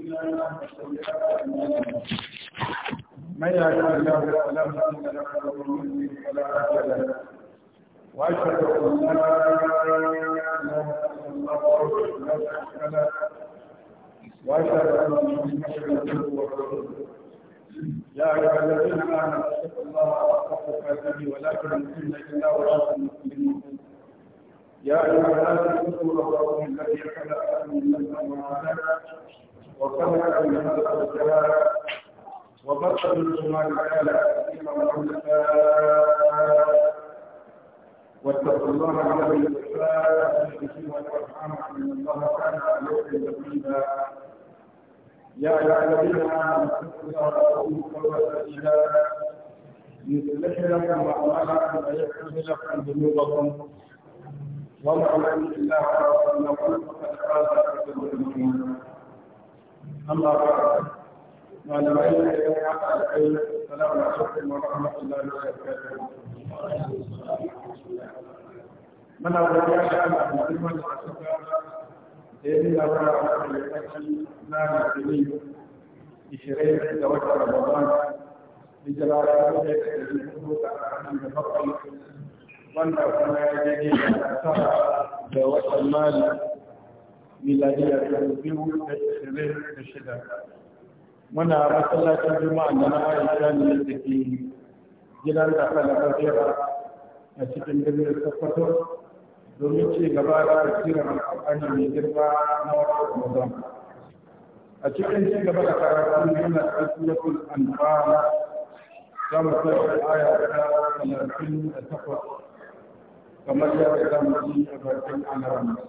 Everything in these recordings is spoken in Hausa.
من يهدي الله فلا مضل له ومن يضلل فلا هادي له واشهد ان لا اله الا الله وحده لا شريك له واشهد ان محمدا عبده الله يا ايها الذين امنوا اتقوا الله حق تقاته ولا تموتن الا وانتم مسلمون يا ايها الناس اتقوا الله الذي خلقكم من نفس واحده وكما أن هذا الكلام وبث منهما رسالة كثيرا وعلماء واتقوا الله على الإسلام به والأرحام إن الله كان عليكم رقيبا يا أيها الذين آمنوا اتقوا الله وقولوا قولا سديدا يصلح لكم أعمالكم ويغفر لكم ذنوبكم ومن يطع الله ورسوله فقد فاز فوزا عظيما أما بعد ما لم يكن العلم السلام عليكم ورحمة الله وبركاته من أول يشاء أن يكون الأسباب إذن أبرار الأسل لا نسلي بشريع دوجة رمضان بجلال الله يجب أن يكون وأن أكون يجب أن أسرع دوجة المال miladiya ta biyu da ishirin da shida muna masallacin juma'a da na aisha ne da ke gidan da kana kafira a cikin birnin sokoto domin ci gaba da tafsirin alƙur'ani mai girma na wata ramadan a cikin ci gaba da karatu muna tsakiyakul anfal za mu tsaya aya ta talatin da takwas kamar yadda za a bakin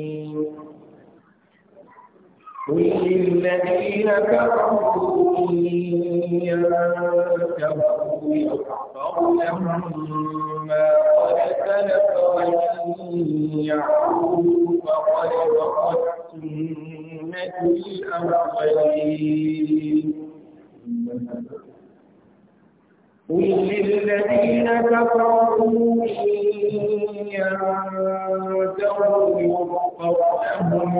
قل للذين كفروا إن ينتهوا يغفر لهم ما قد سلف وإن يعفوا فقد وقت سنة الأولين قل للذين كفروا إن ينتهوا يغفر لهم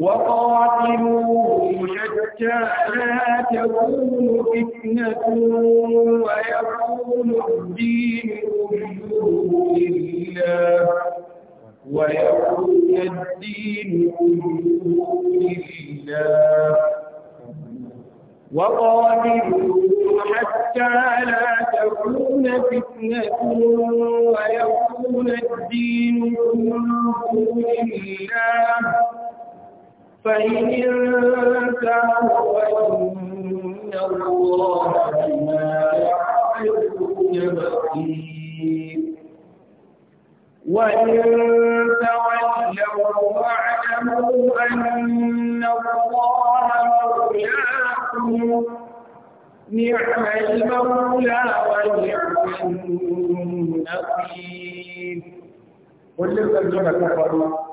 وقاتلوهم حتى لا تكون فتنة ويكون الدين كله لله ويكون الدين كله لله وقاتلوهم حتى لا تكون فتنة ويكون الدين كله لله Wọ́n lè ṣe ìjọba kan fọ́nà.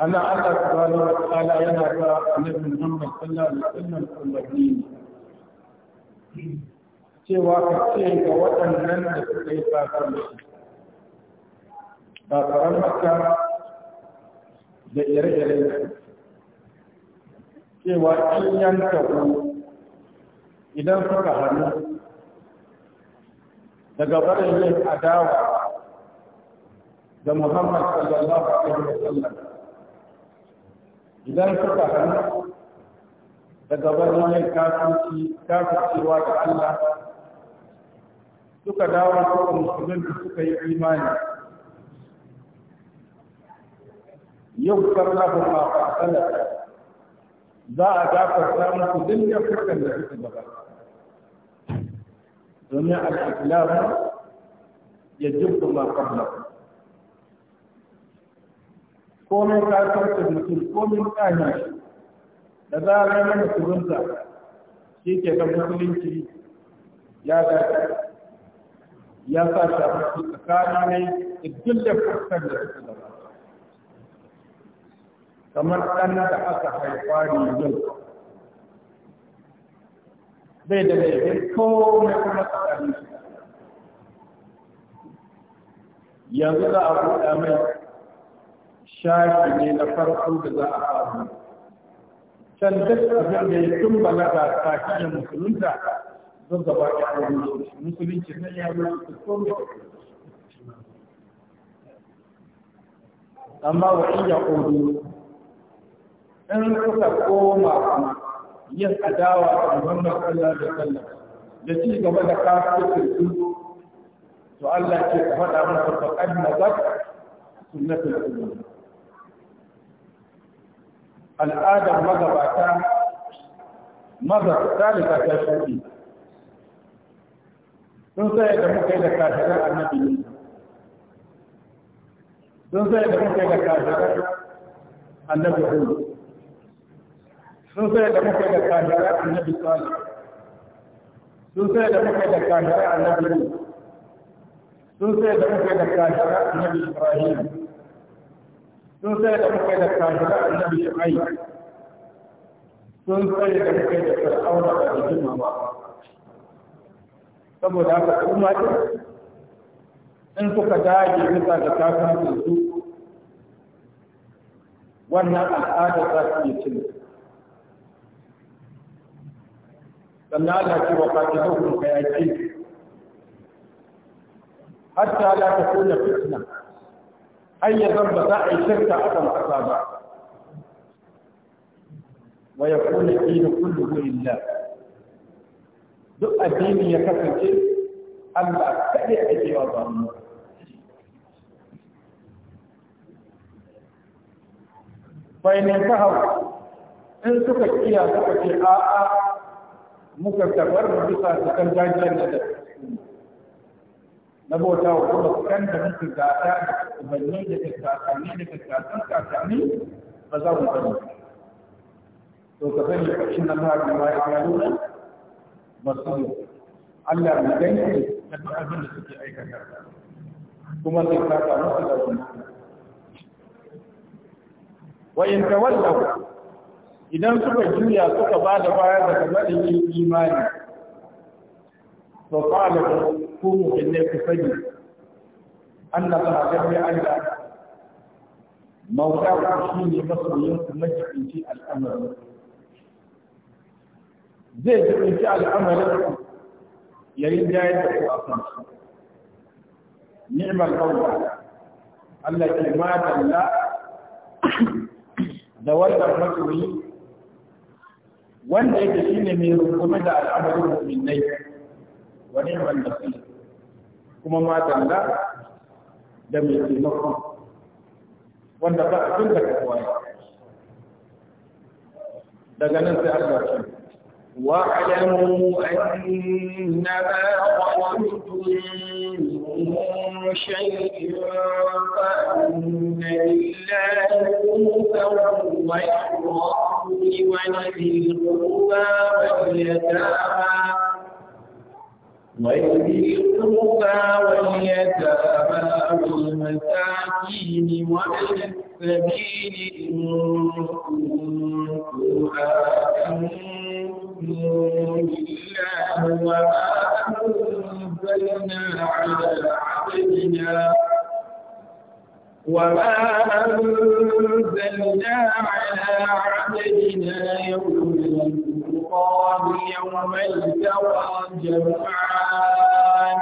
أنا أتى سبحانه وتعالى yana النبي محمد صلى الله عليه وسلم كل cewa ka ce ga waɗannan da suka yi ba. sakarar maka da ire-iren cewa in yanka idan suka hannu daga barin yin adawa da muhammad sallallahu alaihi wasallam idan suka hannu daga barin kafirci kafircewa da Allah suka dawo suka musulun da suka yi imani yau ba ma fasala za a samun kudin ya yafukan da suka ba domin al-islam ya jibbu ma qablahu komin kasar da mutum komin na, da za a gane musulunta shi ke da musulunci ya dace ya sa shi a cikin tsakani ne da duk da fuskar da suka da kamar ɗan da aka haifa ne yau bai da laifin komai kuma tsakanin shi yanzu za a buɗa mai shafi ne na farko da za a faru can duk abin da ya tun balaga kafin musulunta zan gaba ya musulunci musulunci na ya mutu komai amma wa iya ƙodo in suka koma kuma yin adawa da muhammad sallallahu alaihi wasallam da ci gaba da kafin su to Allah ke faɗa mana fa qad nazar sunnatul umma al'adar magabata magabata da ta shaɗi sun sai da muka yi da kafin annabi ne sun sai da muka yi da kafin annabi hudu sun sai da muka yi da kafin annabi salih sun sai da muka yi da kafin annabi hudu sun sai da muka yi da kafin annabi ibrahim sun sai da muka da kafira annabi shu'ai sun sai da muka da fir'auna da jima ba saboda haka kuma in suka dage bisa da kafin su wannan al'ada za su iya cin sannan Allah ce wa kaji hukun ka yaƙi hatta la ta kuna fitna ayyazan ba za a yi shirka a kan ƙasa ba wa ya kuna ƙina kullu gurin da duk addini ya kasance Allah kaɗai a cewa ba mu bayanin ta hau in suka kiya suka ce a'a muka tabar bisa su cikin gajiyar da na bauta wa kuma kan da muka gata da ubanni da kakakani da kakakan kakani ba za mu bari to ka sani ƙarshen na ta ga bayan yaluna ba su ne Allah mai ganke na duk abin da suke aikata kuma zai kaka musu da wani wa in ta tawallahu idan suka juya suka ba da baya daga madadin imani to qala ko mu'minai ku sani Allah ba ga ya Allah mawda ku shine masoyin ku majibinci al'amari zai jibinci al'amarin ku yayin da ya ku a kan shi ni'mal qawla Allah ma dalla da wannan masoyi wanda yake shine mai rungume da al'amarin mu'minai wani ban da kuma matan da da mai taimakon wanda ba a tun da daga nan sai Allah ce واعلموا أنما قلتم من شيء فأن لله موته والرسول ولذي القربى واليتامى ويذيقها واليتامى والمساكين وابن السبيل إن كنتم آمنتم بالله وما أنزلنا على عبدنا وما أنزلنا على عبدنا يوم الفرقان يوم التقى جمعان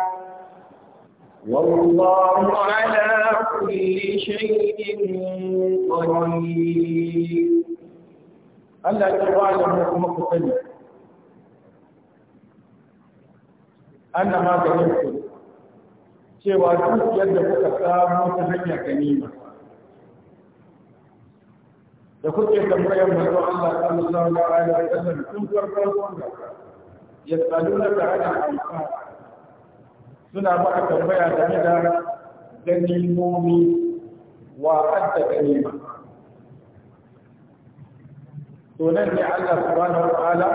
والله على كل شيء قدير ألا ya wala mu kuma ku sani cewa duk yadda kuka samu ta hanyar ganima da kuke tambayar manzo Allah sallallahu alaihi wa sallam tun farkon wanda ya tsaluna da ana amfa suna maka tambaya da ni da ganimomi wa adda ganima to nan ne Allah subhanahu wa ta'ala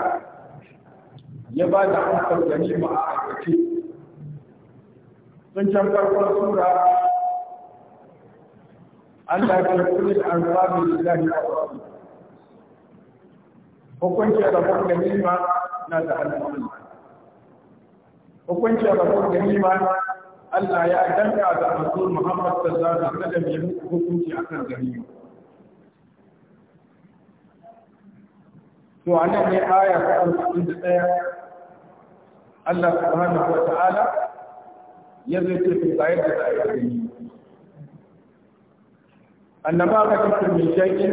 ya ba da amsar ganima a aikace من جنبر سورة Allah ya kula da alfabi lillahi ta'ala hukunci rabon ganima na da alfabi hukunci rabon ganima Allah ya danka da Rasul Muhammad sallallahu alaihi wasallam ya hukunci akan ganima to anan ne aya ta 41 Allah subhanahu wa ta'ala ya zai ce su ga da za a yi gani annaba ka kafin mai shaƙi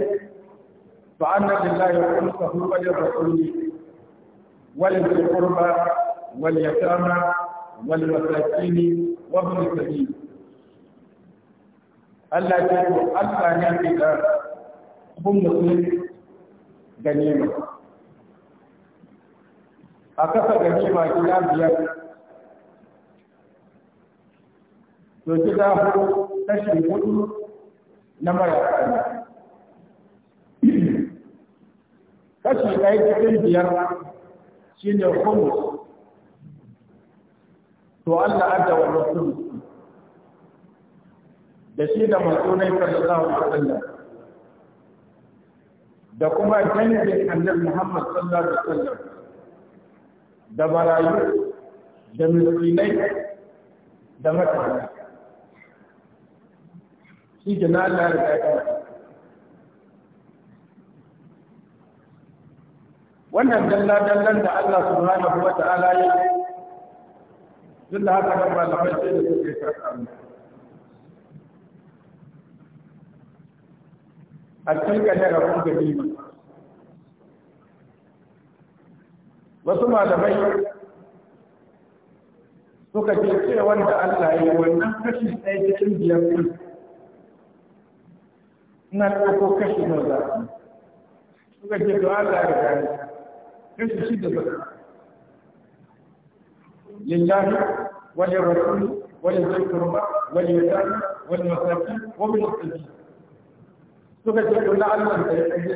fa anna lillahi wa qulsahu wa rasuli wal qurba wal yatama wal masakin wa ibn sabil Allah ce ko Allah ne ke da kun musulmi ganima a kasa ganima gida biyar to za ku kashi hudu na mara kashi ɗaya cikin biyar shi ne humus to Allah adda wa rasul da shi da matsunai sallallahu alaihi wasallam da kuma dangin annab Muhammad sallallahu alaihi wasallam da barayu da miskinai da mutane shi ke na Allah ya yi. wannan dalla-dallan da Allah subhanahu wa ta'ala ya yi duk da haka kan malamai sai da suke karɓar a cikin rabu rabon ganima wasu malamai suka ce ce wanda Allah ya yi wannan kashi ɗaya cikin biyar ɗin ina ɗauko kashi na za a suka ce to Allah ya gani kashi shi da ba lillahi wani rasulu wani zai kurba wani yasani wani masaki wani masaki suka ce to na Allah ya ce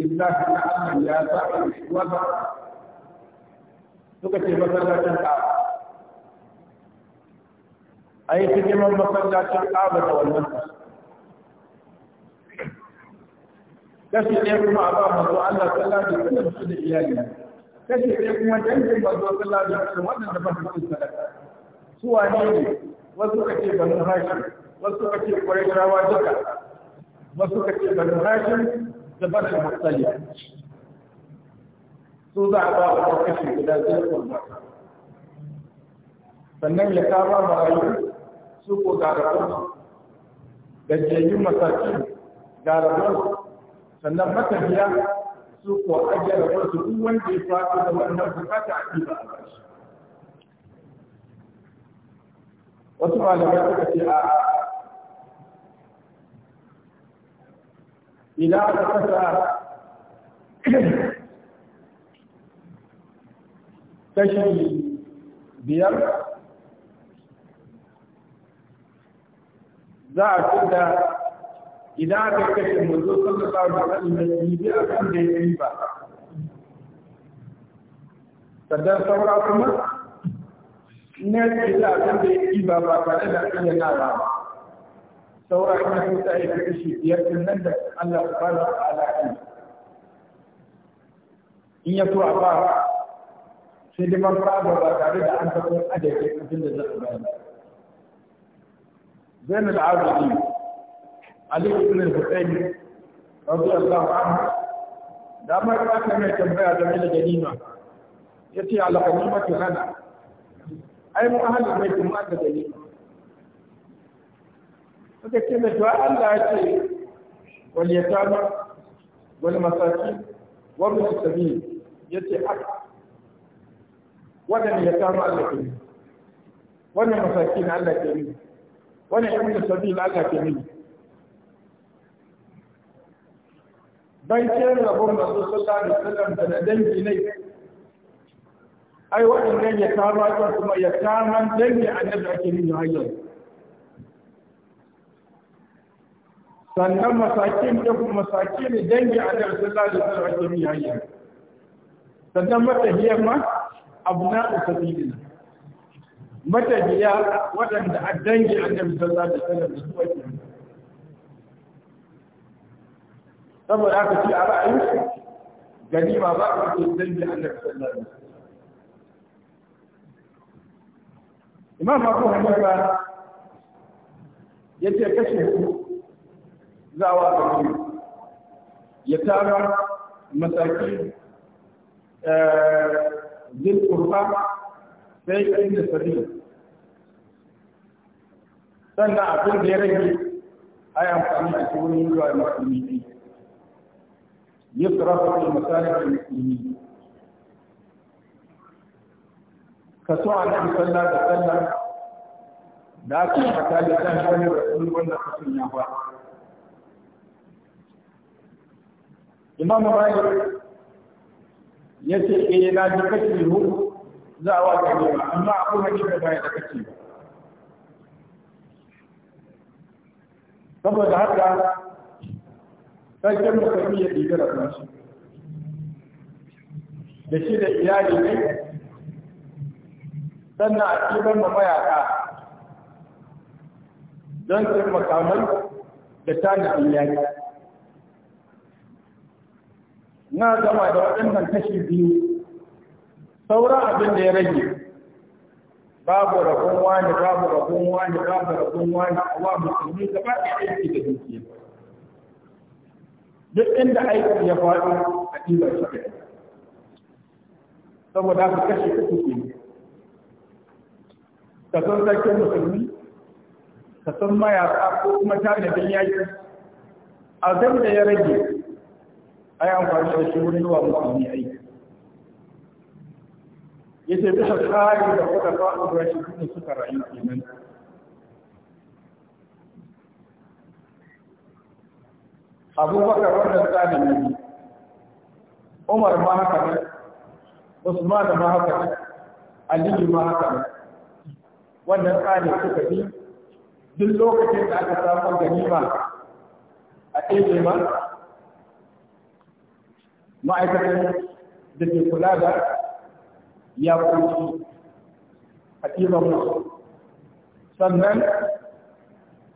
lillahi na Allah ya sa a yi suka ce masallacin ƙara a cikin masallacin ƙaba da wannan ba. kashi ɗaya kuma a ba mazo Allah sallallahu alaihi wasallam su da iyali kashi ɗaya kuma dangin mazo sallallahu alaihi wasallam waɗanda ba su cin sadaka su wane ne wasu kace banu hashim wasu kace duka wasu banu da banu su za a ba wa kashi guda zai kurma sannan ya kama marayu su ko garabansu gajiyayyun masaki garabansu sannan matafiya su ko ajiye da wasu duk wanda ya fato da wannan bukata a ɗiba a bashi wasu malamai suka ce a a ila aka kasa kashi biyar za a fi da idan aka kashe manzo sallallahu alaihi wasallam da yi akan da yi ba sannan saura kuma na kila akan da yi ba ba tare da iya nara ba saura kuma sun ta yi kashe biyar din nan da Allah subhanahu wa ta'ala in ya so a fara sai dai man fara ba tare da an tabbatar adadin abin da za a bayar zainul abidin علي بن الحسين رضي الله عنه دام كان من تنبيه جميل جنينة يتي على قديمة غنى أي مؤهل من جماعة جنينة فكتب سؤال لا شيء واليتامى والمساكين وابن السبيل يتي حق وانا اليتامى على كريم وانا المساكين على كريم وانا ابن السبيل على كريم bancin rabon masu sallah da sallam da na dangi ne ai waɗannan ya kama ɗin kuma ya kama dangi da ake nuna hanyar sannan masakin da kuma masaki ne dangi annabi sallah da sallam ake nuna hanyar sannan matahiyar ma abu na usabilin matahiya waɗanda a dangi annabi sallah da sallam da su ake nuna saboda aka ce a ra'ayin gani ba ba a cikin dangi a nan sallar imam abu hanifa ya ce kashe ku za a wata ya tara masaki eh, zil kurfa sai ɗin da sabi sannan abin da ya rage a yi amfani da shi wurin zuwa musulmi يصرف في مصالح المسلمين kaso a nan sallah da sallah da aka yi haka da kan hannun rasulun wannan kasan ya ba. Imam ya ce e na ji kashi hu za a wata ne ba amma akwai hanyar da baya da kashi ba. Saboda haka sarkin musulmi ya ɗibi da shi da shi da iyali ne sannan a ɗiban da mayaƙa don taimaka makamai da tanadin yaƙi na gama da waɗannan kashi biyu sauran abin da ya rage babu rabon wani babu rabon wani babu rabon wani a wa musulmi gaba ɗaya aiki da dukiya duk inda aiki ya faɗi a ɗibar shi saboda ka kashe ka kuke ka san sarkin musulmi ka san mayaka ko kuma da tanadin yaki azam da ya rage a yi amfani da shi wurin zuwa musulmi aiki ya ce bisa tsari da kuka faɗi rashin kuma suka rayu kenan abubakar wannan tsarin ne umar ma haka ne usman ma haka ne aliyu ma haka ne wannan tsarin suka bi duk lokacin da aka gani ganima a ɗebe ma ma'aikatan da ke kula da ya kunci a ɗiba musu sannan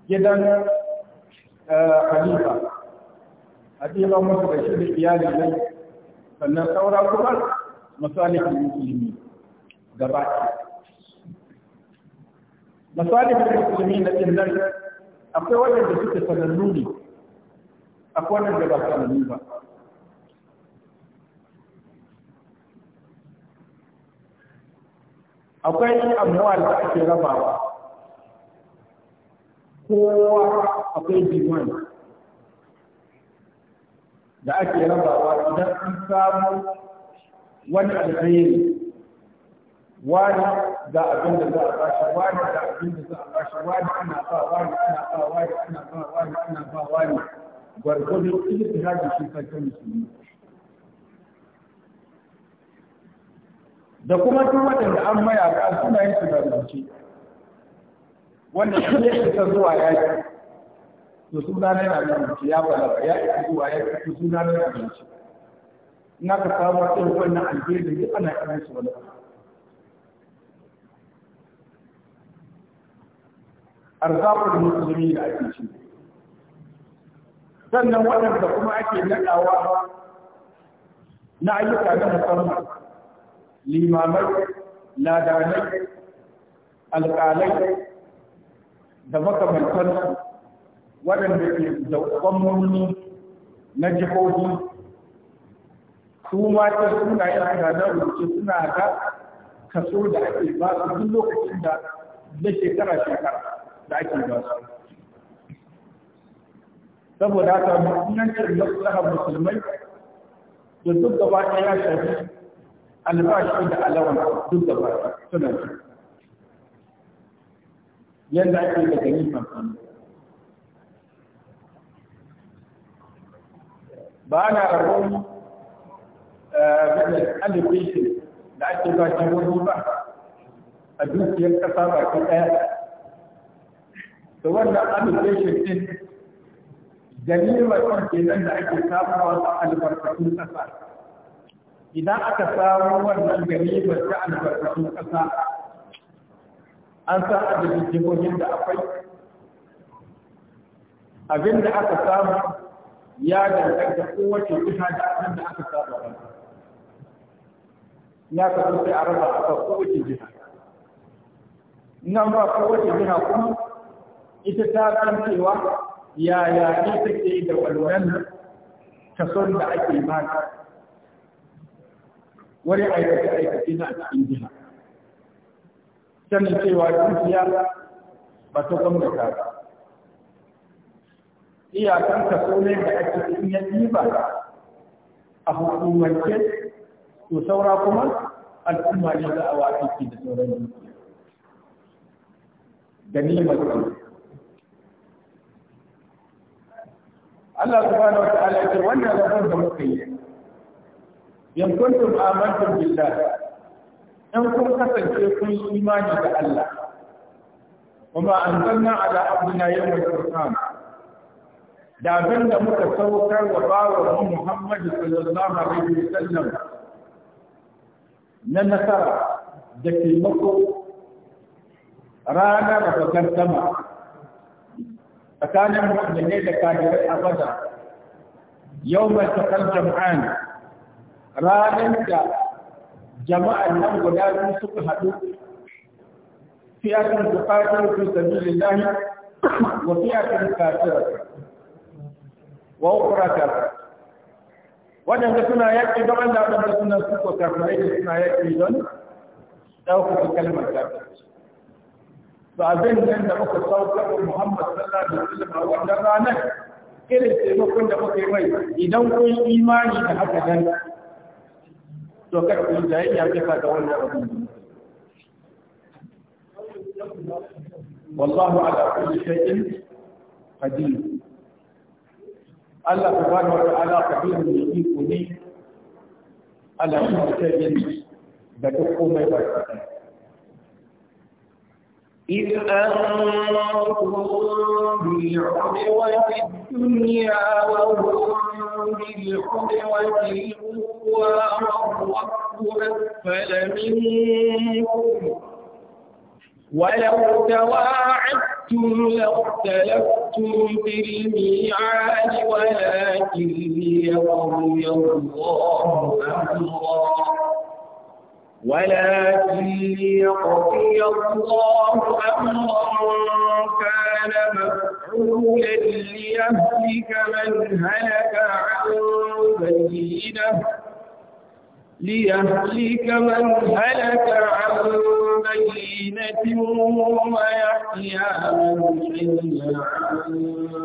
gidan eh, halifa a ɗiban musu da shi da iyali ne sannan saura kuma masalihin musulmi gaba masalihin musulmi na ɗin akwai wanda suke sanannu ne akwai wanda waɗanda ba sanannu ba akwai amwal da ake rabawa kowa akwai diwan da ake rabawa idan an samu wani alheri wani ga abin da za a bashi wani ga abin da za a bashi wani ana ba wani ana ba wani ana ba wani ana ba wani gwargwado ilimin hajji shi sarkin musulmi da kuma duk waɗanda an mayaka suna yin su da rubuce wanda shi ne suka zuwa yaki to suna na yana abinci ya balaga ya isa zuwa ya isi suna na yana abinci na ka samu irin wannan alheri duk ana kiran su wani arzakul musulmi da ake ci sannan waɗanda kuma ake naɗawa na ayyuka na musamman limamai ladanai alƙalai da makamantansu waɗanda ke da gwamnoni na jihohi su mata suna suna yin gada rubuce suna da kaso da ake ba su duk lokacin da na shekara shekara da ake ba su saboda haka mutunancin maslahar musulmai da duk gaba ɗaya ya shafi albashi da alawar duk gaba suna yadda ake da gani kamfani ba na rabon allocation da ake ba shi wani ba a dukiyar kasa ba ta ɗaya da wannan allocation din jami'ar kan kenan da ake samuwa a albarkatun kasa idan aka samu wannan jami'ar ta albarkatun kasa an sa adadin jihohin da akwai abinda aka samu ya da kowace kusa da abin da aka saba ba ya kasu sai a raba a kowace jiha nan ba kowace jiha kuma ita ta san cewa yaya ne take da walwalan son da ake mata wani aikace aikace na a cikin jiha sanin cewa dukiya ba ta gwamnata ba iyakan kaso ne da ake in ya ɗiba a hukumance to saura kuma al'umma ne za a wa aiki da sauran dukiya ganimar Allah subhanahu wa ta'ala ce wannan rabon da muka yi yan kuntum amantum billah in kun kasance kun yi imani da Allah kuma anzalna ala abdina yawmal furqan da zan da muka saukar wa bawa mu Muhammadu sallallahu alaihi wasallam na nasara da taimako rana da bakar sama tsakanin mu'minai da kafirai abada yawmal taqal jam'an ranar da jama'an nan guda biyu suka haɗu fiyatin bukatun fi sabilillah wa fiyatin kafirai wa ukura kafira waɗanda suna yaƙi don Allah waɗanda suna suko kafirai da suna yaƙi don ɗaukaka kalmar kafirci to abin nan da muka saukar Muhammad sallallahu alaihi wasallam a wannan ranar irin taimakon da muka yi mai idan kun imani da haka nan to kar ku jayayya bisa ga wannan abin والله على كل شيء قدير Allah subhanahu wa ta'ala kafirun da iko ne ala kulli da duk komai ba ta إذ أنتم بالعدوة الدنيا وهم بالعدوة الأولى والرب أسفل منكم ولو تواعدتم اختلفتم لاختلفتم في الميعاد ولكن ليقضي الله أمرا ولكن ليقضي الله أمرا كان مفعولا ليهلك من هلك عن بينه ليهلك من هلك عن بينة ويحيى من حي عن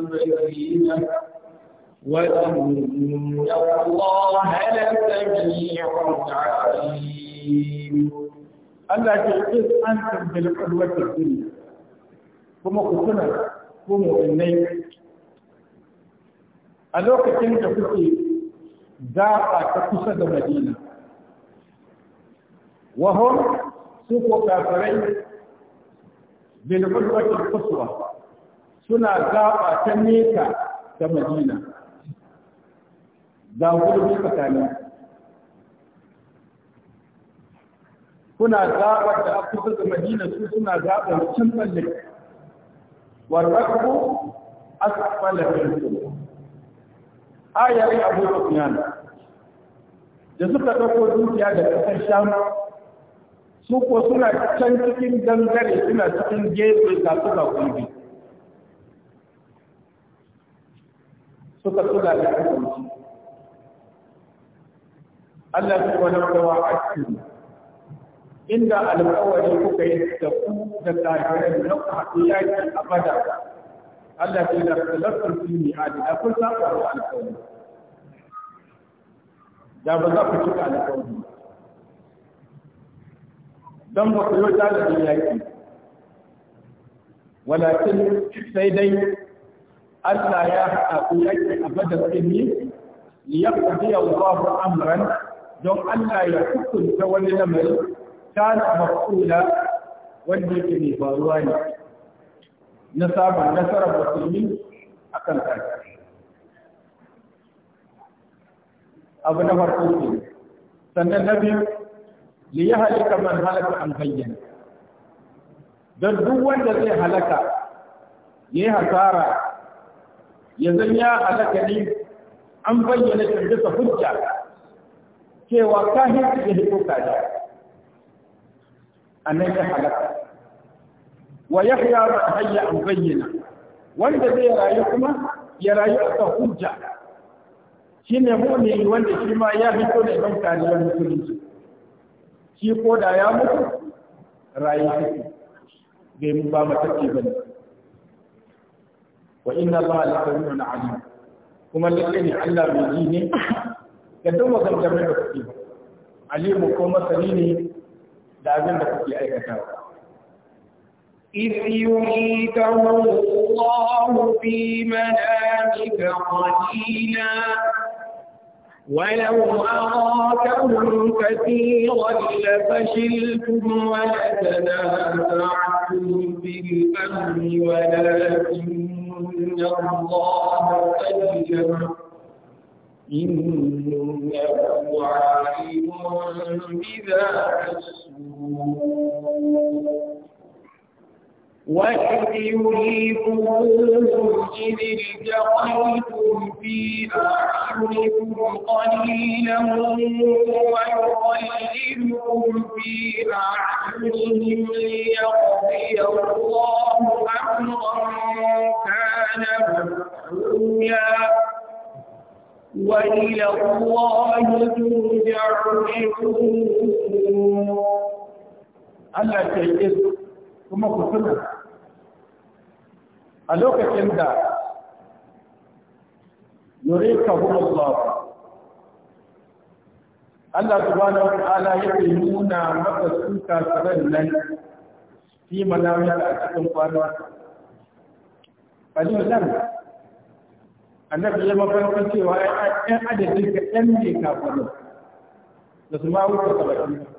بينة وإن الله لسميع عليم Allah ce in an tambayi alwatar duniya kuma ku tuna ku mu'minai a lokacin da kuke zaɓa ta kusa da Madina وهم سوق كافرين بالقدوة القصوى سنة غابة تميكا كمدينة ga gurbi tsakani kuna gabar da aka kusa da su suna gabar cin tsalle warraku asfala minkum ayar abu sufyan da suka dauko dukiya da kasar sham su ko suna can cikin dangare suna cikin gefe ga su ga kulbi suka tsuga da kasance Allah su wani rawa a cikin inda alƙawari kuka yi da ku da tsakirin na haɗu yaki a bada Allah su da tsalafin su ne a da kun sa faruwa alƙawari da ba za ku cika alƙawari don ba ku yi talibin yaƙi walakin sai dai Allah ya haɗa ku yaƙi a badar ilmi liyaqdi Allahu amran don Allah ya hukunta wani lamari kana mafula wanda yake mai faruwa ne na samun nasarar musulmi a kan kaki. Abu na farko ne. sannan na biyu li yahlika man halaka an bayyana dan duk wanda zai halaka yayi hasara ya zan ya halaka ne an bayyana shi bisa hujja cewa kafin ya hito kaji annan ya halaka wa yahya man hayya an bayyana wanda zai rayu kuma ya rayu a kan hujja shine mu'mini wanda shi ma ya fito da don kariyar musulunci shi ko da ya mutu rayu take bai mu ba matacce ba ne wa inna allaha la wani alim kuma lalle ne Allah mai ji ne ga duk magantar da kuke ba alimu ko masani ne da abin da kuke aikatawa إذ يريكهم الله في منامك قليلا ولو أراكهم كثيرا لفشلتم ولتنازعتم في الأمر ولكن الله سلم إنه عليم بذات الصدور وإذ يريكموهم إذ التقيتم في أعينكم قليلا ويقللكم في أعينهم ليقضي الله أمرا كان مفعولا وإلى الله ترجع الأمور ألا تجد kuma ku tuna a lokacin da yureka Allah Allah subhanahu wa ta'ala yake nuna maka suka tsaron nan fi manawiyar a cikin A Fadil nan annabi ya mafarka cewa ‘yan adadin ka ‘yan ne kafin da su ma wuce saba'in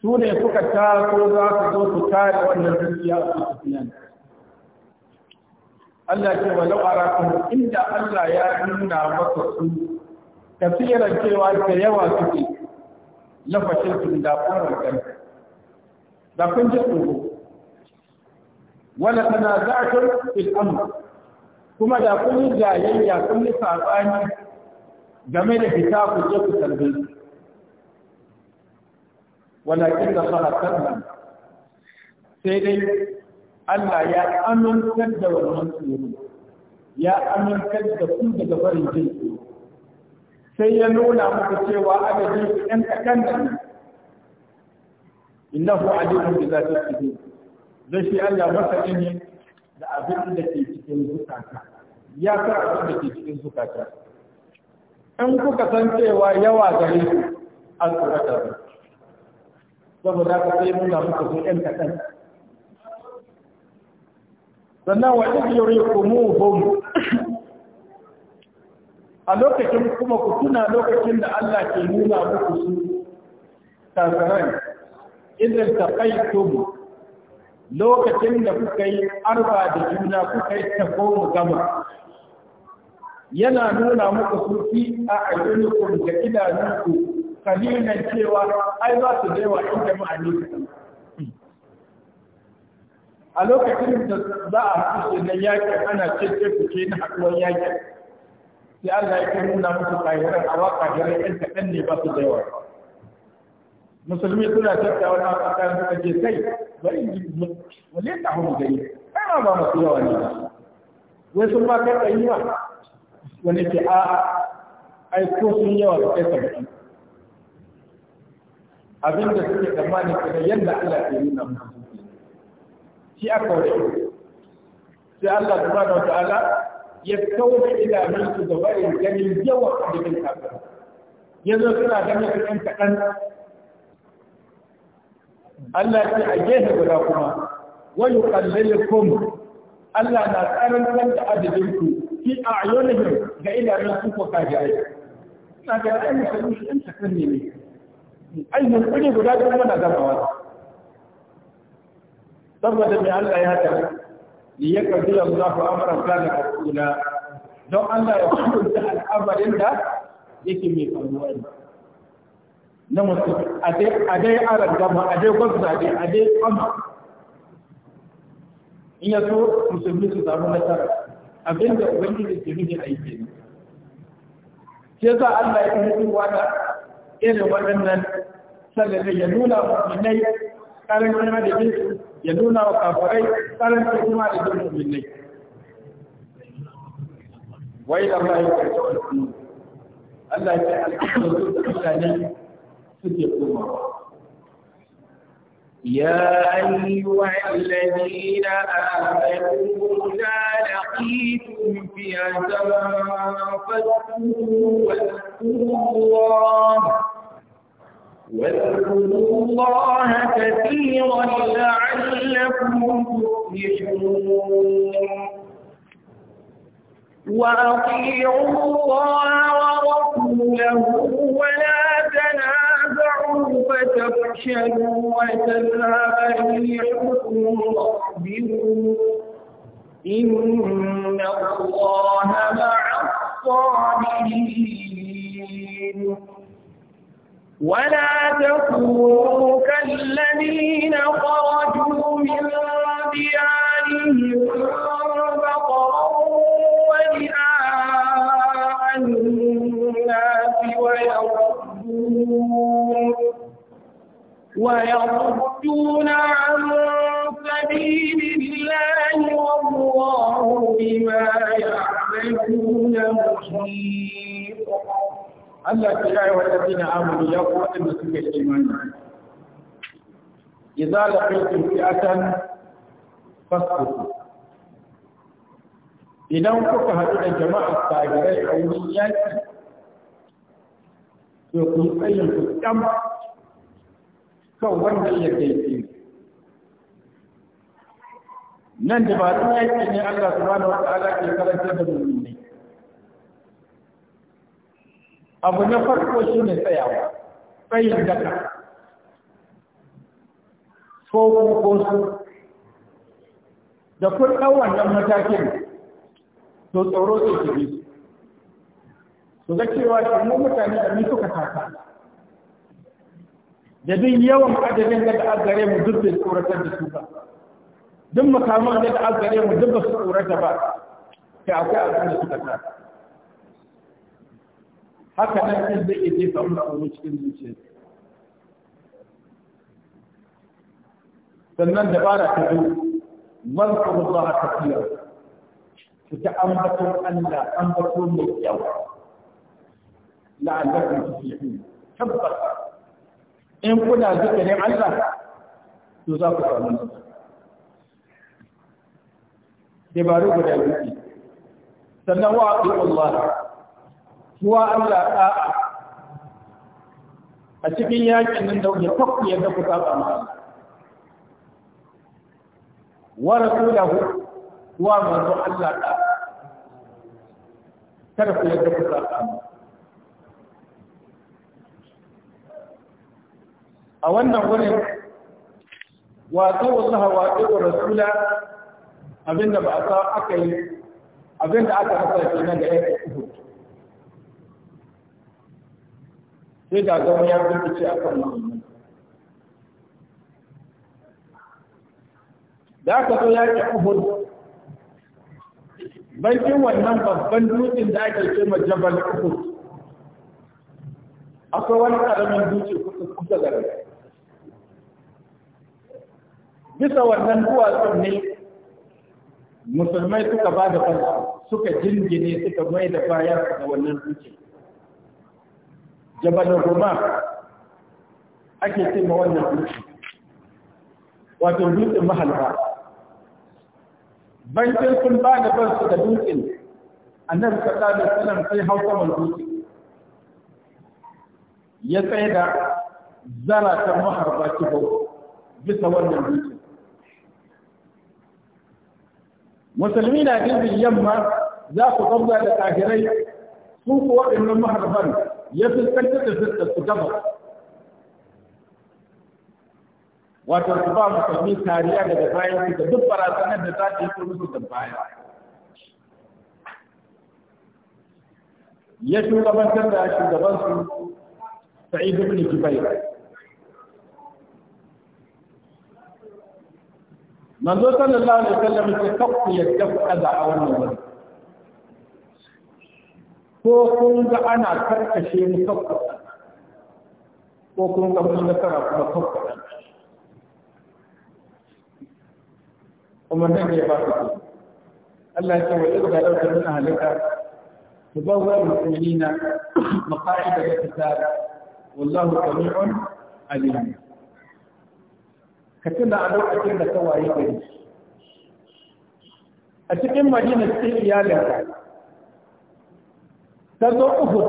su ne suka tara ko za su zo su tare wannan zuciya a cikin Allah ce wa la'ara inda Allah ya nuna maka su tafsirar cewa da yawa suke lafashin su da kwanar kan da kun ji tsoro wala tana za'atar fil amr kuma da kun yi jayayya kun yi sabani game da fita ku je ku tambaye walakin da sahakar nan sai dai Allah ya amintar da wannan tsoro ya amintar da ku daga farin jin sai ya nuna muku cewa adadin ɗan kaɗan da innahu alimun bi zati sudur Zai shi Allah masa ne da abin da ke cikin zukata ya ka abin da ke cikin zukata in kuka san cewa yawa gare su an tsorata saboda ka sai nuna muka su ɗan kaɗan sannan wa ɗin yuri kumuhum a lokacin kuma ku tuna lokacin da Allah ke nuna muku su kafiran idan taqaytum lokacin da kuka yi arba da juna kuka yi tafawun gama yana nuna muku su fi a ayyukum ga idanunku fahimtar cewa ai za su da yawa in jama'a a lokacin da za a haɗu na yakin ana cece fice na haɗuwar yakin sai Allah ya kai nuna musu kahiran a waka hirar ɗan kaɗan ne ba su da yawa musulmi suna tattawa na ƙasa suka je kai bari wale ta hau gari kama ba masu yawa ne ba wai sun ba kai yi ba wani ke a ai ko sun yawa su kai sabbin abinda suke tsammanin su ne yadda Allah ke nuna musu shi aka wuce sai Allah subhanahu wa ta'ala ya kauce idanun su da barin ganin yawa a cikin kafin yanzu suna ganin su ɗan kaɗan Allah ce a gefe guda kuma wani kallilikum Allah na tsarantar da adadin ku fi a ayyonihim ga idanun su ko kajirai. Na ga ɗan musulmi ɗan takan ne ne. ai yunkuri guda ɗin muna gamawa saboda mai Allah ya ta ni ya kafi da za ku amara kana a kula don Allah ya kuma ta al'amarin da yake mai faruwa na mutum a dai aran gama a dai gwamna dai a dai kwamma in ya so musulmi su samu nasara abinda ubangiji ke nufi aiki ne sai za Allah ya kuma wata irin waɗannan sallade ya nuna wa mu'minai karancin adadin su ya nuna wa kafirai karancin kuma adadin mu'minai wai da ma yi karshe alƙunu Allah ya ce alƙunu da mutane suke komawa يا أيها الذين آمنوا إذا لقيتم فئة فاذكروا واذكروا الله واذكروا الله كثيرا لعلكم تفلحون وأطيعوا الله ورسوله ولا تنازعوا فتفشلوا وتذهب ريحكم واصبروا إن الله مع الصابرين ولا تكونوا كالذين خرجوا من ديارهم بطرا ورئاء الناس ويردون عن سبيل الله والله بما يعملون محيط Allah ke yaya wa tafina amanu ya ku waɗanda suka yi imani idza laqitum fi'atan fasbutu idan kuka haɗu da jama'a tagirai a wurin yaki to kun tsayin ku ɗan kan wanda ya kai nan da ba yaki ne Allah subhanahu wa ta'ala ke karantar da mu'mini abu na farko shi ne tsayawa tsayin daka ko ko su da kun wannan matakin to tsoro sai su bi su ga cewa shi mu mutane da ni suka kasa da duk yawan adadin da aka gare mu duk bai tsoratar da su ba duk makaman da aka gare mu duk da su tsorata ba sai akwai abin da suka kasa haka nan ɗin zai iya jefa mu tsoro cikin zuciya sannan dabara ta biyu man kuma za a tafiya ku ta ambaton Allah ambato mai yawa la'allakum tuflihun tabbas in kuna zikirin Allah to za ku samu dabaru guda biyu sannan wa Allah kuwa Allah a a cikin yakin nan da ya fakku ya dafa wara ma wa rasulahu kuwa manzo Allah da'a kada ku yadda ku saba a wannan wurin wato hawa wato rasula abinda ba a sa aka yi abinda aka rasa nan da ke sai ga zama ya birkice a kan muhammadu da aka zo ya ce uhud bankin wannan babban dutsen da ake ce ma jabal uhud akwai wani ƙaramin dutse kusa rai bisa wannan duwatsun ne musulmai suka ba da fasa suka jingine suka mai da bayan da wannan dutse jabal goma ake ce ma wannan dutse wato dutsen mahalba bankin sun ba da bansu da dutsen annabi sallallahu alaihi wasallam sai hausa wal dutse ya tsaye da zaratan maharba kibau bisa wannan dutse musulmi na dindin yamma za ku gwamza da kafirai su ku waɗannan maharban ya fuskantar da fuskar su gaba wato su ba musulmi kariya daga bayan su da duk barazanar da za ta yi musu da baya ya shugabantar da shugaban su sa'id ibn jubair manzo sallallahu alaihi wasallam ya kafa yadda kaza a wannan wani ko kun ga ana karkashe mu kakkaɗa ko kun ga mun nasara kuma kakkaɗa umarnin da ya ba su Allah ya ce wa ɗin da ɗauka nuna halitta su ba wa musulmina maƙa'ida da fitara wallahu sami'un alim ka tuna a lokacin da ka waye gari a cikin madina cikin iyalinka ta zo uku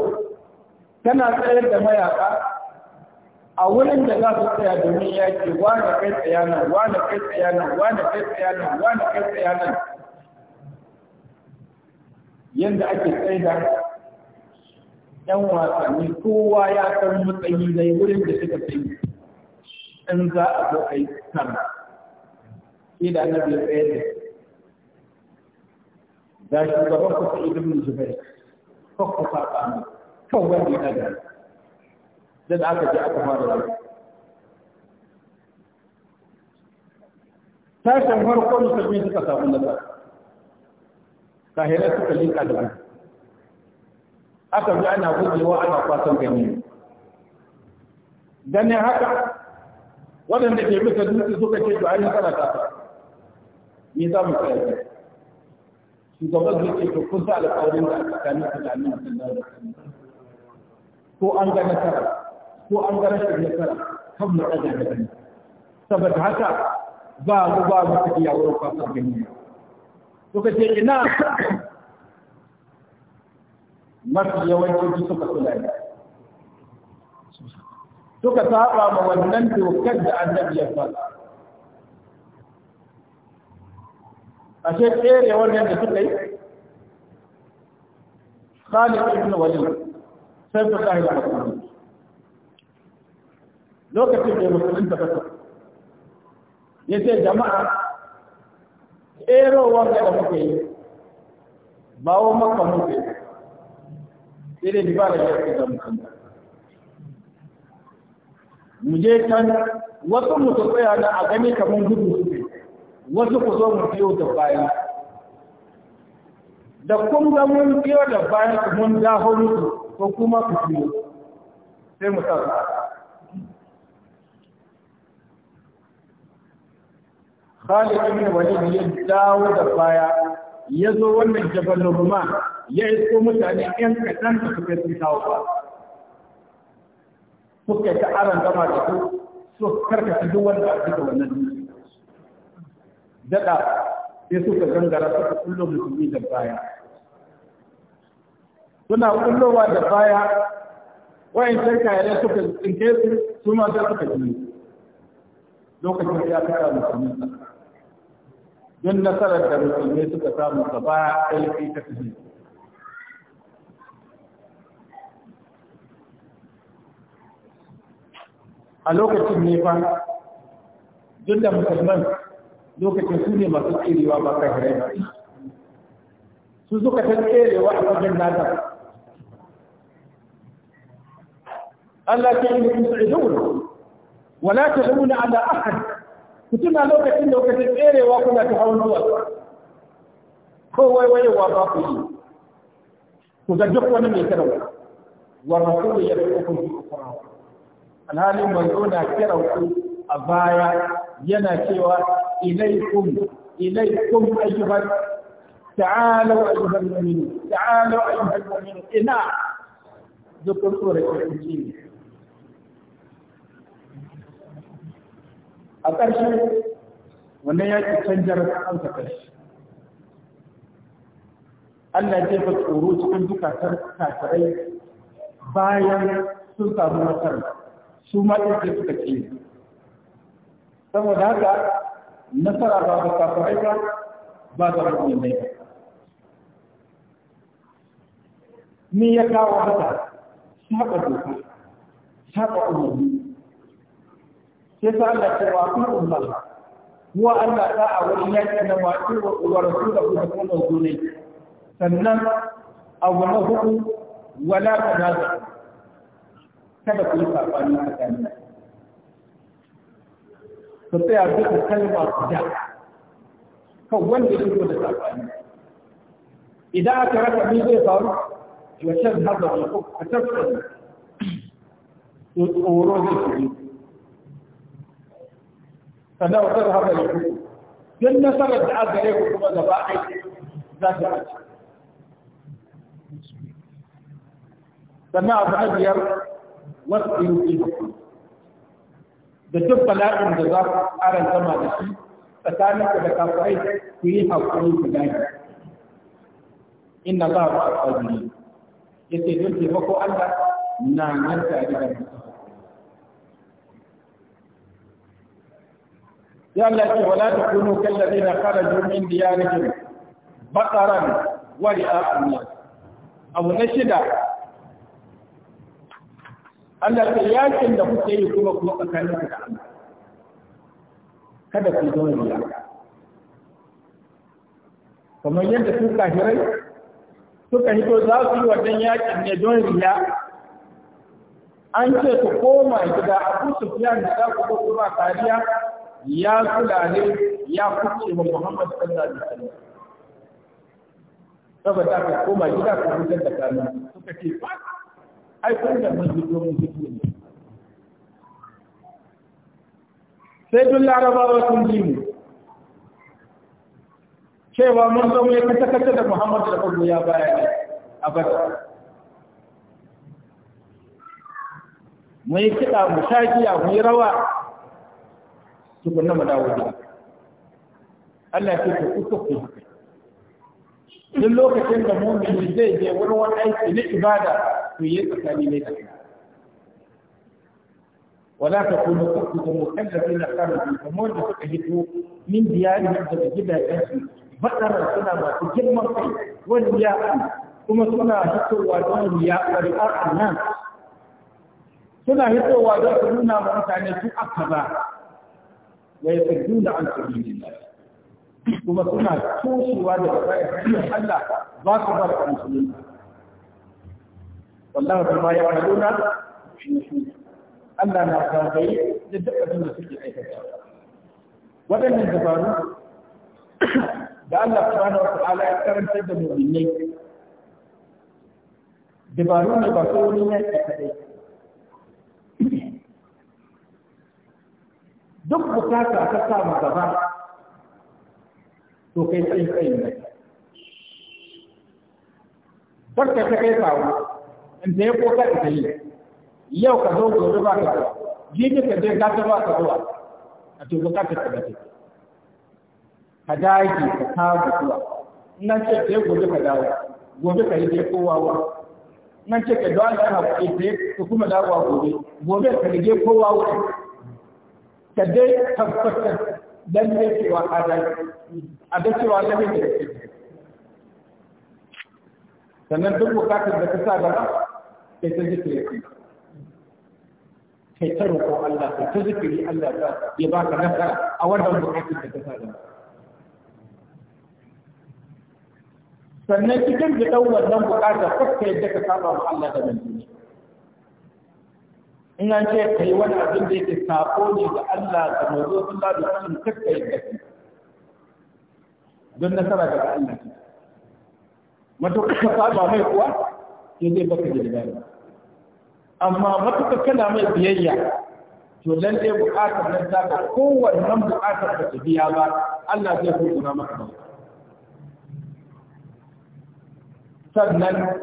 tana tsayar da mayaka a wurin da za su tsaya domin yaki wane kai tsaya nan wane kai tsaya nan wane kai tsaya nan wane kai tsaya nan yadda ake tsaye da ‘yan wasanni kowa ya san matsayi zai wurin da suka tsaye in za a zo a yi sana shi na bai tsaye da shi gaban kusa idin mai fakku faɗa ne kan wanda yana da dan aka je aka fara rayu tashin farko musulmi suka samu nasara kahirar suka lika da gudu aka ji ana gujewa ana kwasan gani ne haka waɗanda ke bisa dutse suka ce to an yi sarata ni za mu tsaya shugaban zai ce da kun sa alƙawarin da aka kani ku da annabi ko an ga nasara ko an ga rashin nasara kan mu ɗaga da gani saboda haka ba mu ba mu tafi tafiya wurin fasar gani suka ce ina mafi yawanci suka kula da suka saba ma wannan dokar da annabi ya faɗa ashe tsere wannan da suka yi Khalid ibn Walid sai ta kai da Musulmi lokacin da Musulmi ta fasa yace jama'a tsero wanda da muke yi ba wa maka muke sai da ba da yake da Musulmi mu je can wasu mutum tsaya na a gani kamar gudu wasu ku zo mu biyo da baya da kun ga mun biyo da baya mun dawo musu ko kuma ku biyo sai mu sa Khalid ibn Walid ya dawo da baya ya zo wannan jabal Ruma ya isko mutane ƴan kaɗan da suka sun kawo ba. Suka ta aran gama da su, su karkata duk wanda a duka wannan daɗa sai suka gangara suka kullo musulmi da baya suna kullowa da baya wayan shirka yare suka tsinke su su ma su suka jini lokacin ya kara musulmi don nasarar da musulmi suka samu ka baya kai ta fi a lokacin ne fa duk da musulman lokacin su ne masu tserewa ba ka ba su suka ta tserewa a wajen nata Allah ta yi mutum su'idun wala ta na ala ahad ku tuna lokacin da tserewa kuna ta hawan zuwa ko waiwayewa ba ku yi ku ga duk wani mai karawa wa rasulu ya fi hukunci ukura alhalin manzo na kira a baya yana cewa ilaikum ilaikum ayyuhal ta'alu ayyuhal mu'minu ta'alu ayyuhal mu'minu ina dukkan sura ta kunci a ƙarshe wannan ya ci canjar kansa ƙarshe Allah ya jefa tsoro cikin dukatar kafirai bayan sun samu nasara su ma ɗin suka ce سمو داكا نصر عبادة صحيحة بعد رجل الميتة مي يكاو عبادة شاق الدوكا شاق أمه سيسال لك واقل أم الله هو أن أعطاء وإياك أن واقل ورسوله يكون أزوني سنن أو نهو ولا تنازع كذا كل سعبانيات كاملة فتي عبدك تتكلم أرجع كون جديد ودفع إذا أترك ميزي طار يشد هذا الحق أتفصل وروح الحديد فلا أترى هذا الحق جنة صارت عاد عليك وكما دفاعي da duk bala'in da za ku ƙaran zama da shi tsakanin ku da kafirai ku yi haƙuri ku gani inna za ku asabiri yace don taimako Allah na nan tare da mu ya Allah ce wala takunu kal ladina kharaju min diyarihim baqaran wa ri'a an-nas aw nashida Allah ta yakin da kuke yi kuma kuma tsakanin ku da Allah kada ku zama riya kamar yadda su kafirai suka hito za su yi wannan yakin ne don riya an ce ku koma gida abu Sufyan da za ku ba kariya ya ne, ya kuce wa Muhammad sallallahu alaihi wasallam saboda ka koma gida ku hutar da kana suka ce ba ai kun da majalolin suke ne sai duk larabawa sun ji mu cewa mun zama ya kata kata da muhammadu da kwallo ya baya ne a bata mu yi kiɗa mu shaki giya mu yi rawa tukunna mu dawo gida Allah ya ce ku kuka ku duk lokacin da mumini zai je wurin wani aiki na ibada to yi tsakani mai tsakani wala ta kuma kuku da mukallafi na karfi kuma da suka hito min diyari daga gidajensu baɗarar suna masu girman kai wani ya kuma suna hitowa don ya ƙari'ar a nan suna hitowa don su nuna wa mutane su aka ba wa yi sabbi da an da kuma suna toshewa da bayan hanyar Allah ba su bar musulunci wallahi kuma ya maluna Allah na zagaye da duk abin da suke aikata waɗannan dabaru da Allah subhanahu wa ta'ala ya karantar da mu'minai dabaru ne ba ko ne yake kadai duk bukata ka samu gaba to kai tsayin tsayin ne barka ta kai faru ne ko ka ta yi yau ka zo gobe ba ka zuwa jibi ka je ta ba ka zuwa a to ta ka gata ka dage ka kama zuwa nan ce ka gobe ka dawo gobe ka yi je kowa wa nan ce ka dawo da haƙuri je ka kuma dawowa gobe gobe ka yi je kowa wa ka dai tabbatar dan ne wa ka dai a da cewa da ne sannan duk bukatar da ka sa gaba kai ta zikiri kai ta roƙo Allah kai ta zikiri Allah ta ya baka nasara a wannan bukatun da ta sa da sannan cikin da ɗan wannan bukata fakka yadda ka saba ma Allah da nan duniya in an ce kai wani abin da yake sako ne ga Allah da mazo sun ba da sanin kakka yadda ka don nasara daga Allah matuƙa ka saba mai kuwa sai zai baka jirgin amma matuƙa kana mai biyayya to nan dai buƙatar nan ta ka kowannen buƙatar ka ta biya ba Allah zai hukuna maka ba sannan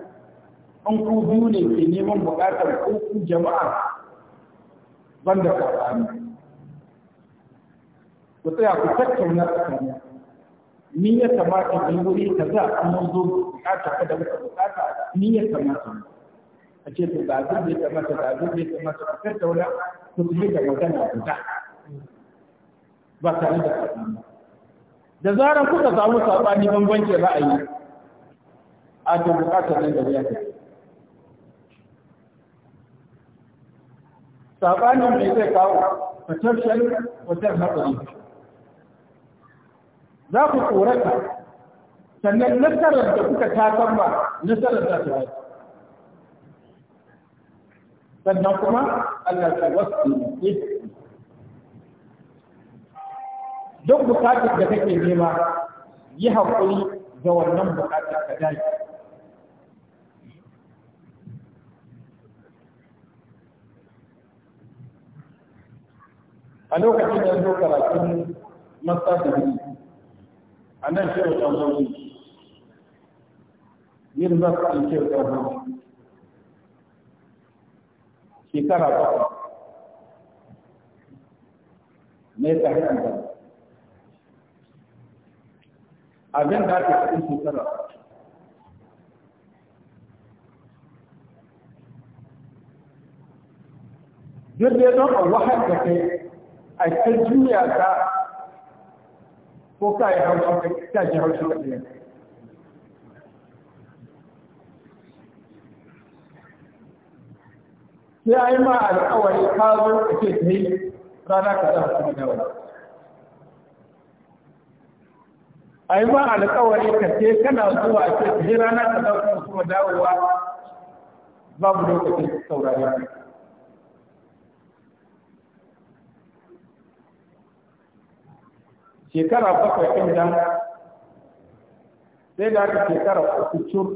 an ku biyu ne ke neman buƙatar ku jama'a banda saɓani ku tsaya ku tattauna tsakanin ni ya kamata in wuri ka kaza an zo buƙata kada muka buƙata ni ya kamata mu a ce to ga abin da ya kamata ga abin da ya kamata ku tattauna su yi da magana fita ba tare da sabani da zarar kuka samu sabani bambanci ra'ayi a ta bukata nan da ya ta sabanin mai zai kawo fatar shari fatar haɗari za ku tsorata sannan nasarar da kuka ta kama nasarar za ta yi sannan kuma Allah ta wasu duk bukatar da kake nema yi haƙuri da wannan bukatar ka dace a lokacin da zo karatun masa da a nan shirin ɗan yin za su ɗauke da ɗan shekara ba me ta hakan ba abin da ake cikin shekara duk don a da kai a cikin juya ka ko ka yi haushi ka ji haushi ɗaya sai a yi ma alƙawari ka zo ka ce ta yi rana ka za su gina wani a yi ma alƙawari ka ce kana zuwa a ce ta yi rana ka za su kuma dawowa babu lokacin saurari shekara bakwai ɗin nan sai da aka shekara uku cur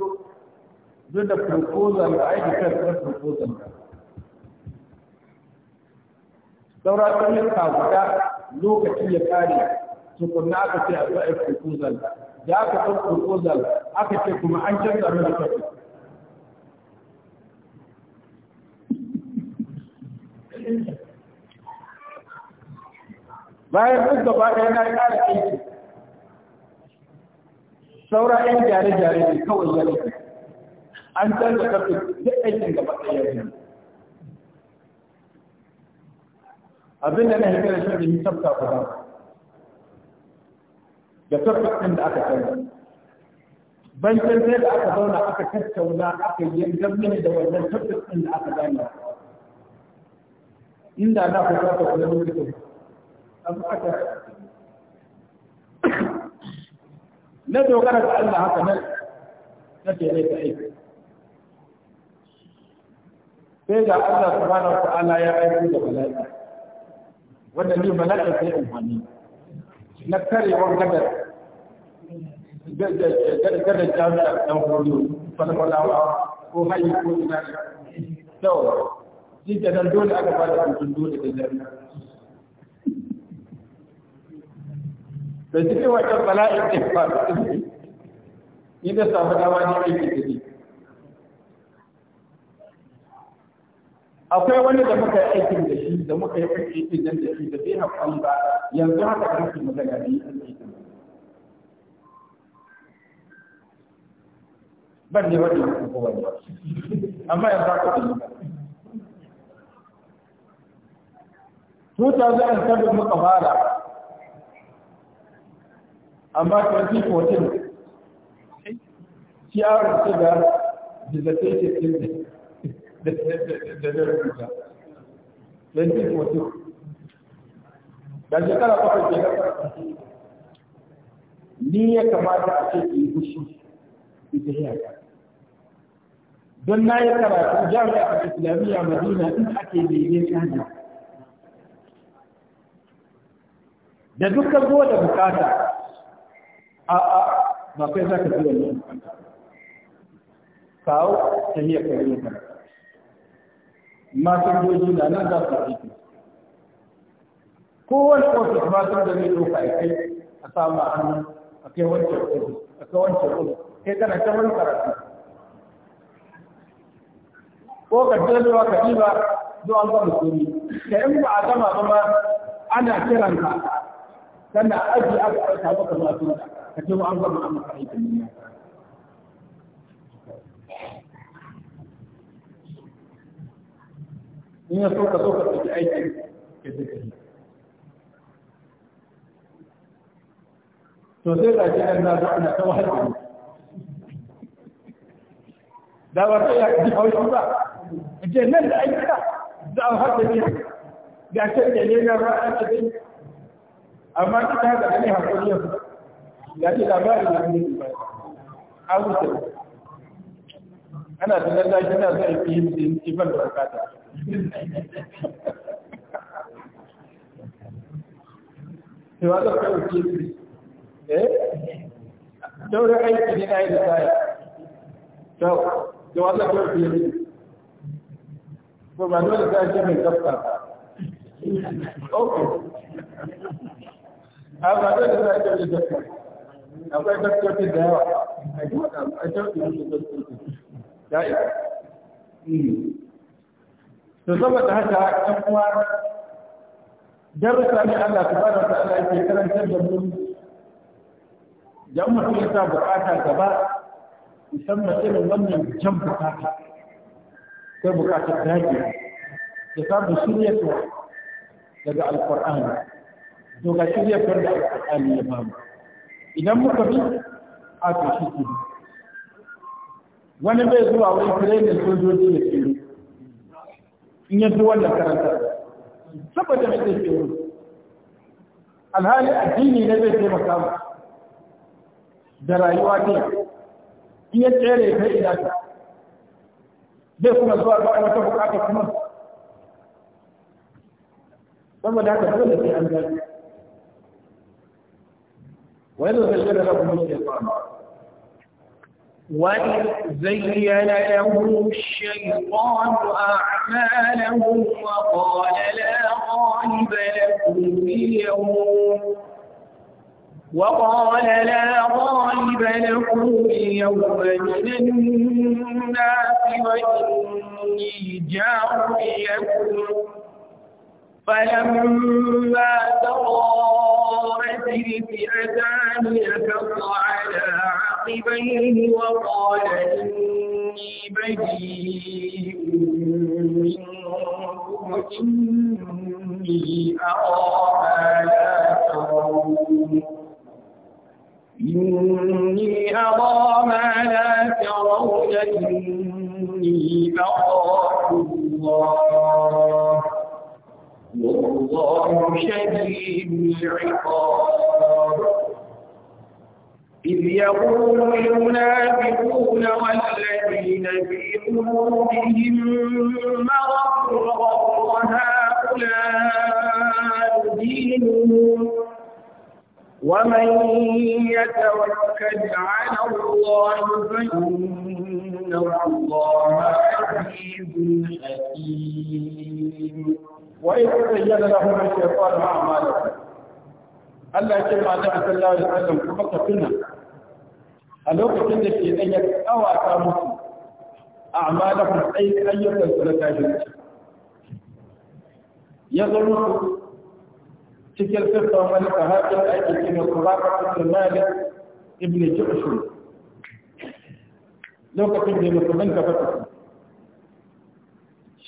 duk da proposal da aiki kan proposal da saura ƙauyuka guda lokaci ya kare tukunna aka ce a sa'ar proposal da aka ɗau proposal aka ce kuma an canza mai tafi bayan duk gaba ɗaya na ƙara aiki saura ɗan gyare-gyare ne kawai ya rage an canza kafin duk aikin gaba ɗaya ne abin da na haifi da shirin tafka guda da tafka ɗin da aka canza bancin sai da aka zauna aka tattauna aka yi gabmini da wannan tafka ɗin da aka gana inda na ku zata kuma lokacin abu aka na dogara da Allah haka nan na tere ta aiki sai ga Allah subhanahu wa ta'ala ya aiki da bala'i wanda ni balaga sai amfani na karewar gadar gadar jami'a ɗan horo falfalawa ko hayi ko ina da shi ke nan dole aka da mutum dole da jami'a da cikin wajen bala'in da ya faru ni da samu dama ne ke tafi akwai wani da muka yi aikin da shi da muka yi kake idan da shi da bai haƙuri ba yanzu haka kake magana da yi aiki da ban ne wani ko kowa ne amma yanzu haka da yi ba 2007 muka fara amma 2014 shi an rufe da dissertation ɗin da zai rubuta don jin mutu da shekara bakwai ke gaba ni ya kamata a ce yi fushi ita yi haka don na yi karatu jami'a islamiyya madina in ake bege shahada da duka zo da bukata a a ba kai za ka ji wannan kawo ta yi karatu matan goji na nan za su aiki kowane ofis matan da zai ɗauka a kai a samu a hannu a kai wancan ofis a kai wancan ofis kai kana ta wani karatu ko ka jirgewa ka ɗiba zuwa ga musulmi da in ba a gama ba ma ana ka kana aji aka aika maka zuwa sunka ka ce mu an gama an maka aikin in ya so ka so ka ɗauki aiki ya duka shi to sai ga shi na zo ana ta wahal da da ba ya yi haushi ba je nan da aiki da za a haɗa ne ga shi da ne na ra'a ta amma ne ya labarin ne ba wuce ana ta nan daki na zai fi yin ifan da bukata sai wa zai kai su eh daura aiki ne na yi da saya to da wata zai kai su ko ba dole da ce mai tsafta okay a ba dole da ce mai tsafta akwai tsafta da yawa a kyautar da tsaftoci ya ne. to saboda haka ɗan uwa darasa ne Allah subhanahu wa ta'ala yake karantar da mu dan mutum ya sa bukata gaba musamman irin wannan jan bukata sai bukatar daji da shirya shiryarwa daga alkur'ani to ga shiryarwar da alkur'ani ya bamu idan muka bi a to shi wani bai zuwa wani training sojoji da tsiro in ya zuwa da karanta saboda mai ke tsiro alhali addini ne zai taimaka mu da rayuwa ne in ya tsere kai idata zai kuma zuwa ba a wata bukata kuma saboda haka dole sai an gani wani yanzu zai shirya rabu mai shekaru وزين له الشيطان أعمالهم وقال لا غالب لكم اليوم وقال لا غالب لكم اليوم من الناس وإني جار لكم فلما تراءت الفئتان نكص على عقبيه وقال إني بريء منكم إني أرى ما لا ترون إني أرى ما لا ترون إني أخاف الله والله شديد العقاب إذ يقول المنافقون والذين في قلوبهم مرض وهؤلاء دينهم ومن يتوكل على الله فإن الله عزيز حكيم وإذ زين لهم الشيطان أعمالهم Allah ya ce ma da sallallahu alaihi wasallam kuma ka tuna a lokacin da ke dan ya kawata musu a'malahum ay ayyukan su na kafirci ya zama ku cikin sirrin wani sahabi da ake ce mai kuraka ibn Malik ibn Ju'sh lokacin da musulman ka fata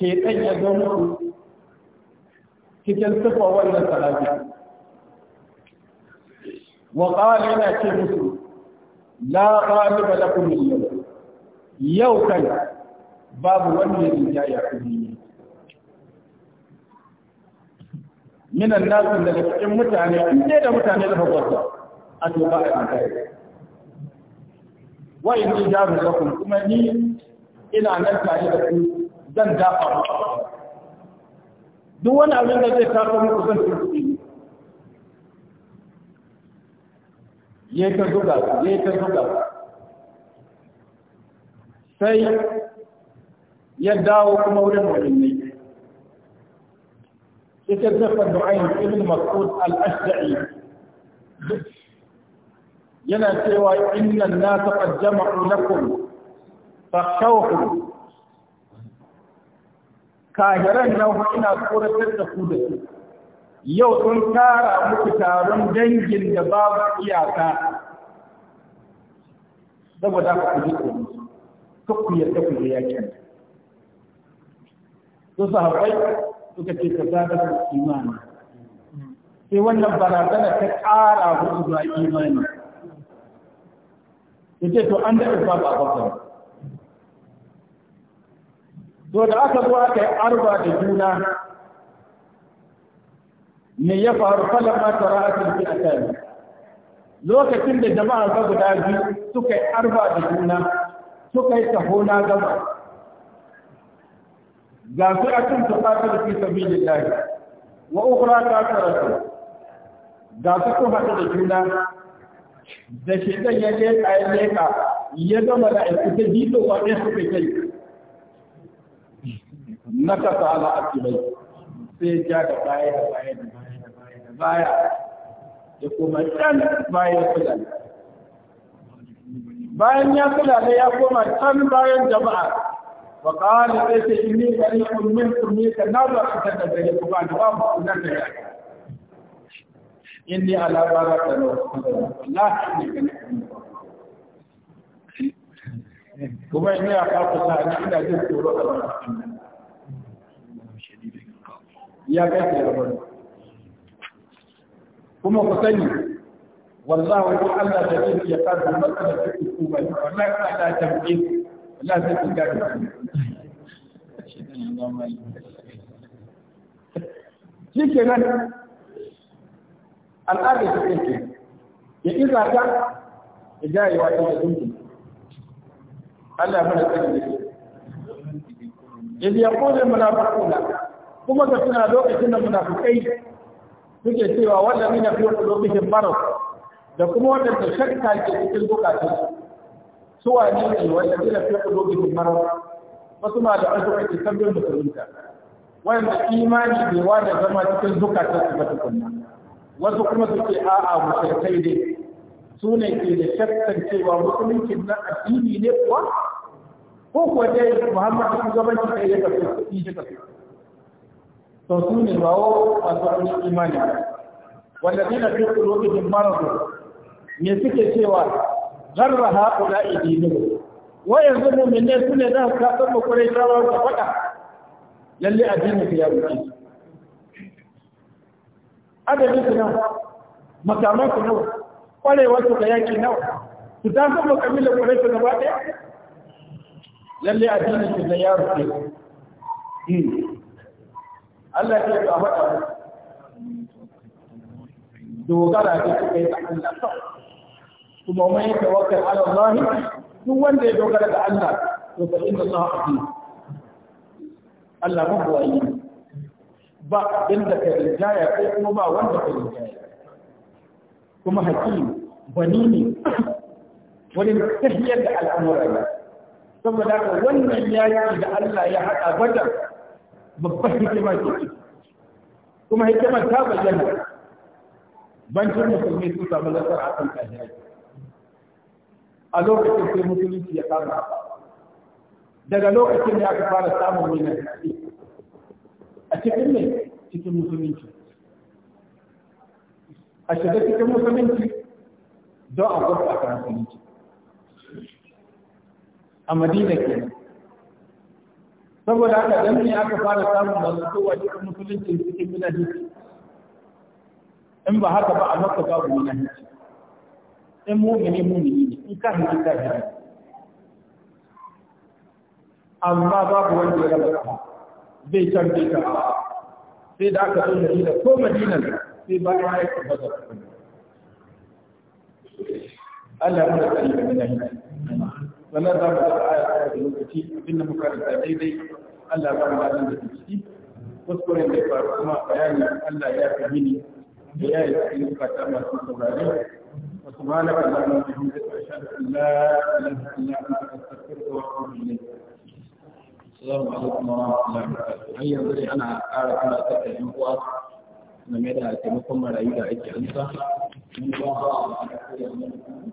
shedan ya zo ku. كتلتقوا أولا الثلاثين وقال لنا كيفتوا لا غالب لكم اليوم يوكل باب ونهر جاية كمية من الناس اللي يتكلم متعني أن جيدا متعني لهم الضوء أتوقع عن ذلك وإن إجابة لكم كمية إلى أن أتعني لكم ذن داقة duk wani abin da zai kafa muku zan turki ya ka zuga ya ka zuga sai ya dawo kuma wurin mu'minai ita zafa du'ayin ibn mas'ud al-ashda'i yana cewa inna an-nasa qad jama'u lakum fakhawfu kahiran nan ina tsoratar da ku da su yau sun tara muku taron dangin da babu iyaka saboda ku ji ku, ka ku yarda ku je yakin su sahabbai suka ce ka zaga su imani sai wannan barazana ta ƙara musu zuwa imani ya ce to an daɗa babu abubakar to da aka zo aka yi arba da juna me ya faru falon mata ra'atun fi a kai lokacin da jama'a ga guda biyu suka yi arba da juna suka yi taho na gaba ga su a cin tufatar fi sabi da jari wa ukura ta su ga su kun haɗu da juna da shi ɗan yi leƙa ya leka ya gama da aiki ta biyu wa ɗaya suka kai نكس على عقبيه sai ja da baya da baya da baya da baya da baya da kuma can baya ya kula bayan ya kula ne ya koma can bayan jama'a wa qala sai ta inni bari'un minkum ni ka nazar ta da gare ku ba da ba ku nan da ya inni ala baraka wa wallahi inni kuma ina ka fata ina jin tsoro a wannan ya ga gashi da rabar kuma ku sani wallahi wani Allah da yake ya tsara matsalar da ke kuma ne wallahi ka da tambaye Allah zai ki gari shi ke nan al'adar da ke ya iza ta ya yi wata da dundun Allah ya mana tsari da ke. Yanzu ya kone munafukuna kuma ka suna lokacin da muna kai suke cewa wanda mina fi wata lokacin baro da kuma wadanda shakka ke cikin zukatun su wa ne wanda mina fi wata lokacin baro wasu ma da wasu kake sabbin musulunta wanda imani bai wanda zama cikin zukatun su ba tukunna wasu kuma suke a'a musulkai ne su ne ke da shakkan cewa musulunci na addini ne kuwa ko kuwa dai muhammadu shugabanci kai ya tafi kuɗi shi tafi to ne ba masu ƙarfin imani wanda zina fi kulubihim maradu me suke cewa garra haƙula idinu wa yanzu mu'minai su ne za su kasar mu kurai da faɗa lalle addinin su ya wuce adadin su nawa makaman su nawa ƙwarewar ga yaƙi nawa su ta san kabila kurai su gaba ɗaya addinin su da ya wuce hmm. Allah ya ce a faɗa musu dogara ce suka yi ta Allah kawai kuma mai tawakkal ala Allah duk wanda ya dogara da Allah to fa inna Allah aziz Allah mun buwayi ba inda ka rinjaya sai kuma ba wanda ka rinjaya kuma hakim bani ne wani tafiyar da al'amura ne saboda ka wannan yaki da Allah ya haɗa badar babbar hikima ce kuma hikimar ta bayyana bancin musulmi sun samu nasara a kan kajirai a lokacin sai musulunci ya kama daga lokacin da aka fara samun wani a cikin ne cikin musulunci a shiga cikin musulunci don a gurfa a kan musulunci a madina kenan saboda haka dan ne aka fara samun masu kowa cikin musulunci cikin minahici in ba haka ba a maka babu minahici in mumini mumini ne in kahiri kahiri amma babu wanda ya raba ka bai can bai ka sai da aka zo madina ko madinan sai ba ya aika bazar Allah ya tsare da minahici sannan za mu ga aya aya da lokaci abin da muka rinta daidai Allah ba mu ladan da ciki kuskuren da faru kuma bayani Allah ya fi mini da ya yi cikin bukata masu saurare wa subhanaka allahumma wa bihamdika ashhadu an la ilaha illa anta astaghfiruka wa atubu ilayk السلام عليكم ورحمة الله وبركاته. هيا بدي أنا أعرف أنا أتكلم عن قوات game da taimakon marayu da ake amsa mun ba ba a